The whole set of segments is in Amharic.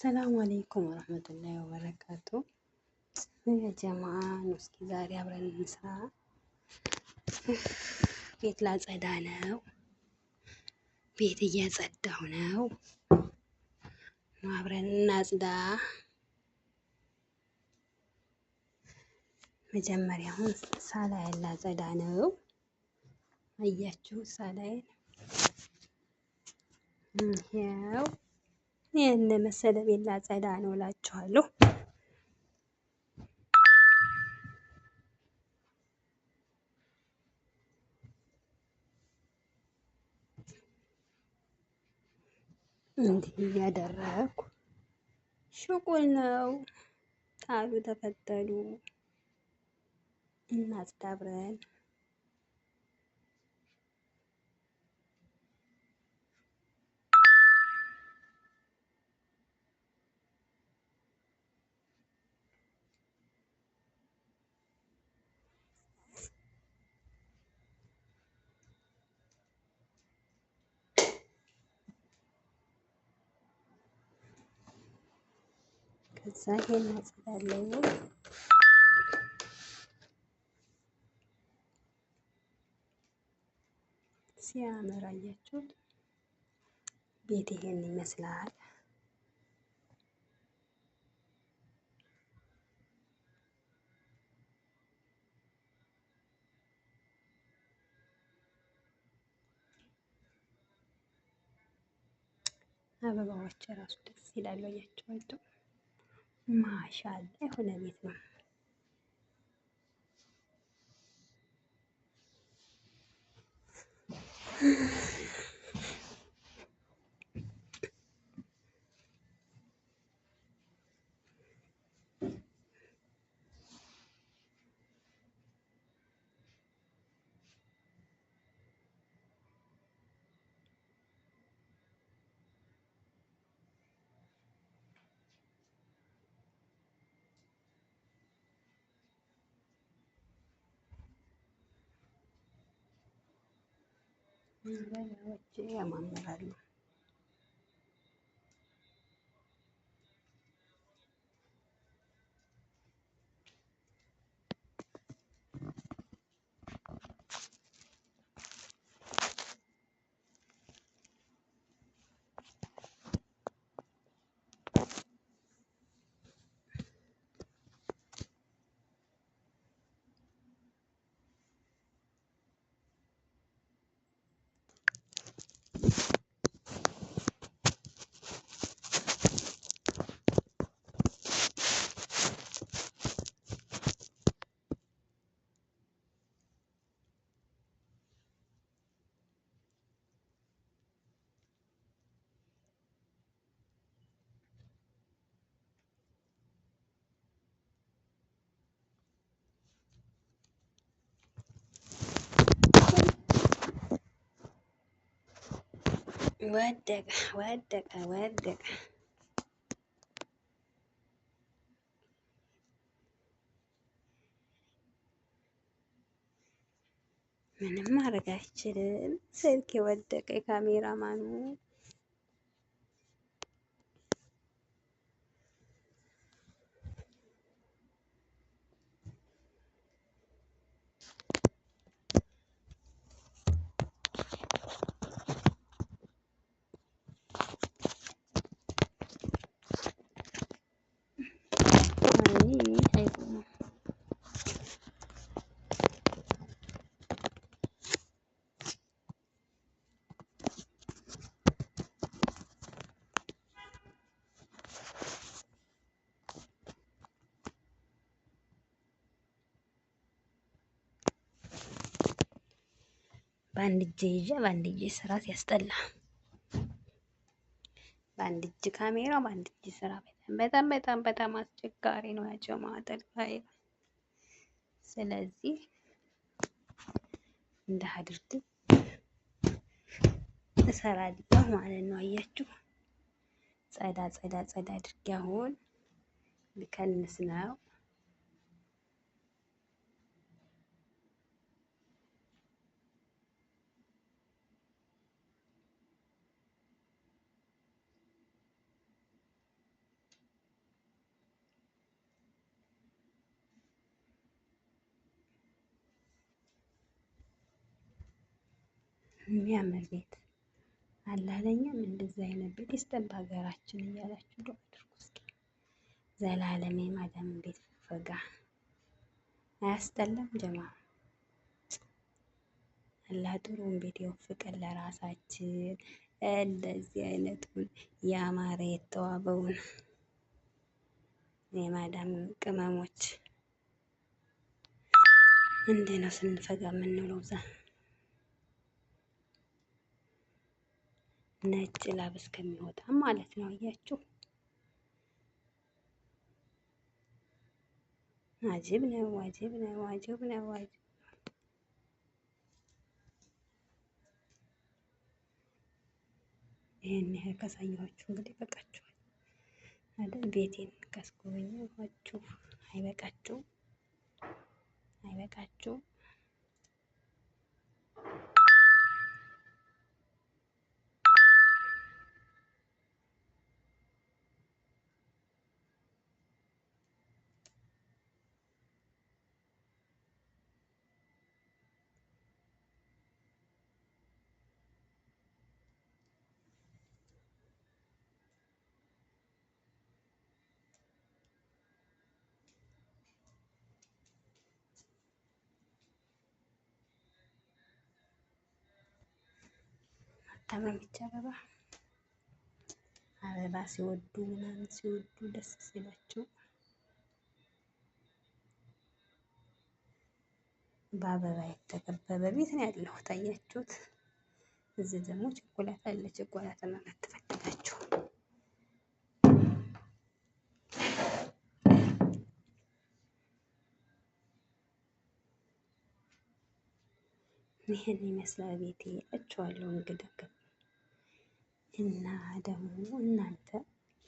ሰላም አለይኩም ወረህመቱላሂ ወበረካቱ። ጀማአን እስኪ ዛሬ አብረን እንስራ። ቤት ላጸዳ ነው። ቤት እያጸዳሁ ነው። አብረን እናጽዳ። መጀመሪያውን ሳላይን ላጸዳ ነው። አያችሁ ሳላይን ይኸው ይህን መሰለ ቤላ ጸዳ ነው እላችኋለሁ። እንዲህ እያደረኩ ሽቁል ነው ጣሉ ተፈተሉ እናጽዳብረን ከዛ ይሄን አጽዳለሁ። ሲያምር አያችሁት? ቤት ይሄን ይመስላል። አበባዎች ራሱ ደስ ይላሉ። አያችኋቸው? ما شاء الله يكون إيه بيت 嗯，那个姐也蛮厉害的。ወደቀ ወደቀ ወደቀ። ምንም ማድረግ አይችልም። ስልክ የወደቀ የካሜራ ማኑ በአንድ እጄ ይዤ በአንድ እጄ ስራ ሲያስጠላ፣ በአንድ እጅ ካሜራ፣ በአንድ እጅ ስራ በጣም በጣም በጣም አስቸጋሪ ነው ያቸው ማጠል። ስለዚህ እንደ አድርግ እሰራለሁ ማለት ነው። አያችሁ ጸዳ ጸዳ ጸዳ አድርጌ አሁን ልከንስ ነው። የሚያምር ቤት አለ። ለእኛም እንደዚህ አይነት ቤት ይስጠን በሀገራችን እያላችሁ ዱዓ አድርጉ እስኪ። ዘላለም የማዳም ቤት ፈጋ አያስጠላም ጀማ። አላህ ጥሩን ቤት ይወፍቀን ለራሳችን። እንደዚህ አይነቱን ያማረ የተዋበውን የማዳም ቅመሞች እንዴ ነው ስንፈጋ የምንለው ዛ ነጭ ላብ እስከሚወጣ ማለት ነው። አያችሁ አጂብ ነው፣ አጂብ ነው፣ አጂብ ነው። ይህን ያህል ካሳየኋችሁ እንግዲህ ይበቃችኋል አይደል? ቤቴን ካስጎበኘኋችሁ አይበቃችሁም? አይበቃችሁም? አታምራለች አበባ። አበባ ሲወዱ ምናምን ሲወዱ ደስ ሲላቸው በአበባ የተከበበ ቤት ነው ያለው። ታያችሁት። እዚህ ደግሞ ቸኮላት አለ። ቸኮላትን አትፈልጋችሁ ይህን ይመስላል ቤቴ እላችኋለሁ። እንግዲህ እና ደግሞ እናንተ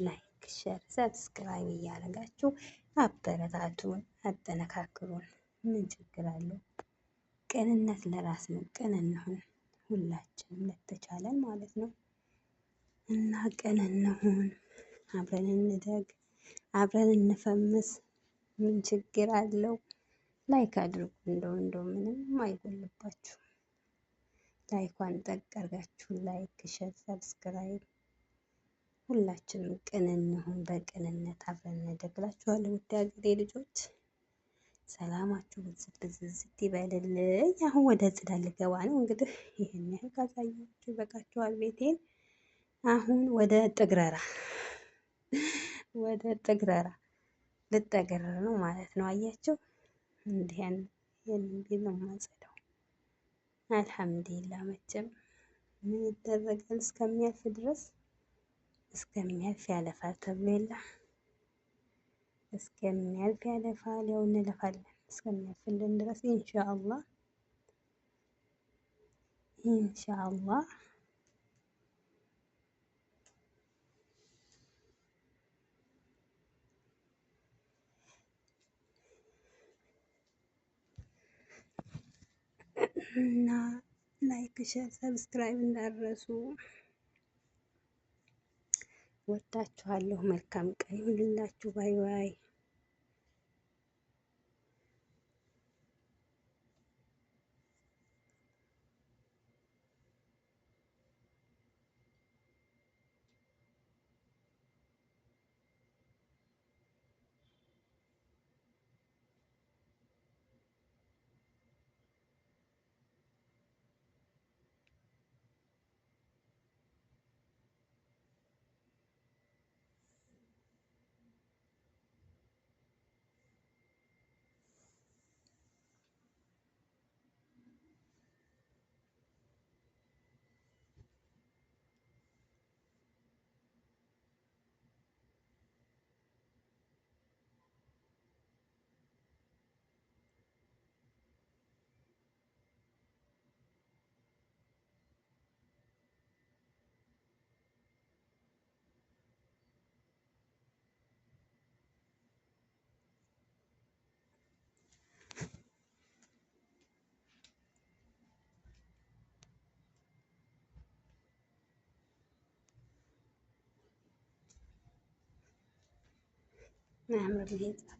ላይክ፣ ሸር፣ ሰብስክራይብ እያደረጋችሁ አበረታቱን፣ አጠነካክሩን። ምን ችግር አለው? ቅንነት ለራስ ነው። ቅን እንሁን ሁላችንም ለተቻለን ማለት ነው እና ቅን እንሁን፣ አብረን እንደግ፣ አብረን እንፈምስ። ምን ችግር አለው? ላይክ አድርጉ። እንደው እንደው ምንም አይጎልባችሁ። ላይኳን ጠቅ አድርጋችሁ ላይክ፣ ሸር፣ ሰብስክራይብ ሁላችንም ቅን እንሁን። በቅንነት አብረን እንደግላችኋለን። ውድ ሀገሬ ልጆች ሰላማችሁ ብዝት ብዝት ይበልልኝ። አሁን ወደ ጽዳት ልገባ ነው። እንግዲህ ይህን ያህል ካሳያችሁ ይበቃችኋል። ቤቴን አሁን ወደ ጥግረራ ወደ ጥግረራ ልጠግረር ነው ማለት ነው። አያችሁ እንዲህን ይህንን ቤት ነው የማጸዳው። አልሐምዱሊላ መቼም ምን ይደረጋል እስከሚያልፍ ድረስ እስከሚያልፍ ያለፋል ተብሎ የለ እስከሚያልፍ ያለፋል። ያው እንለፋለን እስከሚያልፍልን ድረስ ኢንሻአላህ ኢንሻአላህ እና ላይክ፣ ሸር፣ ሰብስክራይብ እንዳረሱ ወዳችኋለሁ። መልካም ቀን ይሁንላችሁ። ባይ ባይ። मैं अमर विनीत